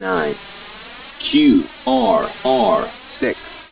9 Q R R 6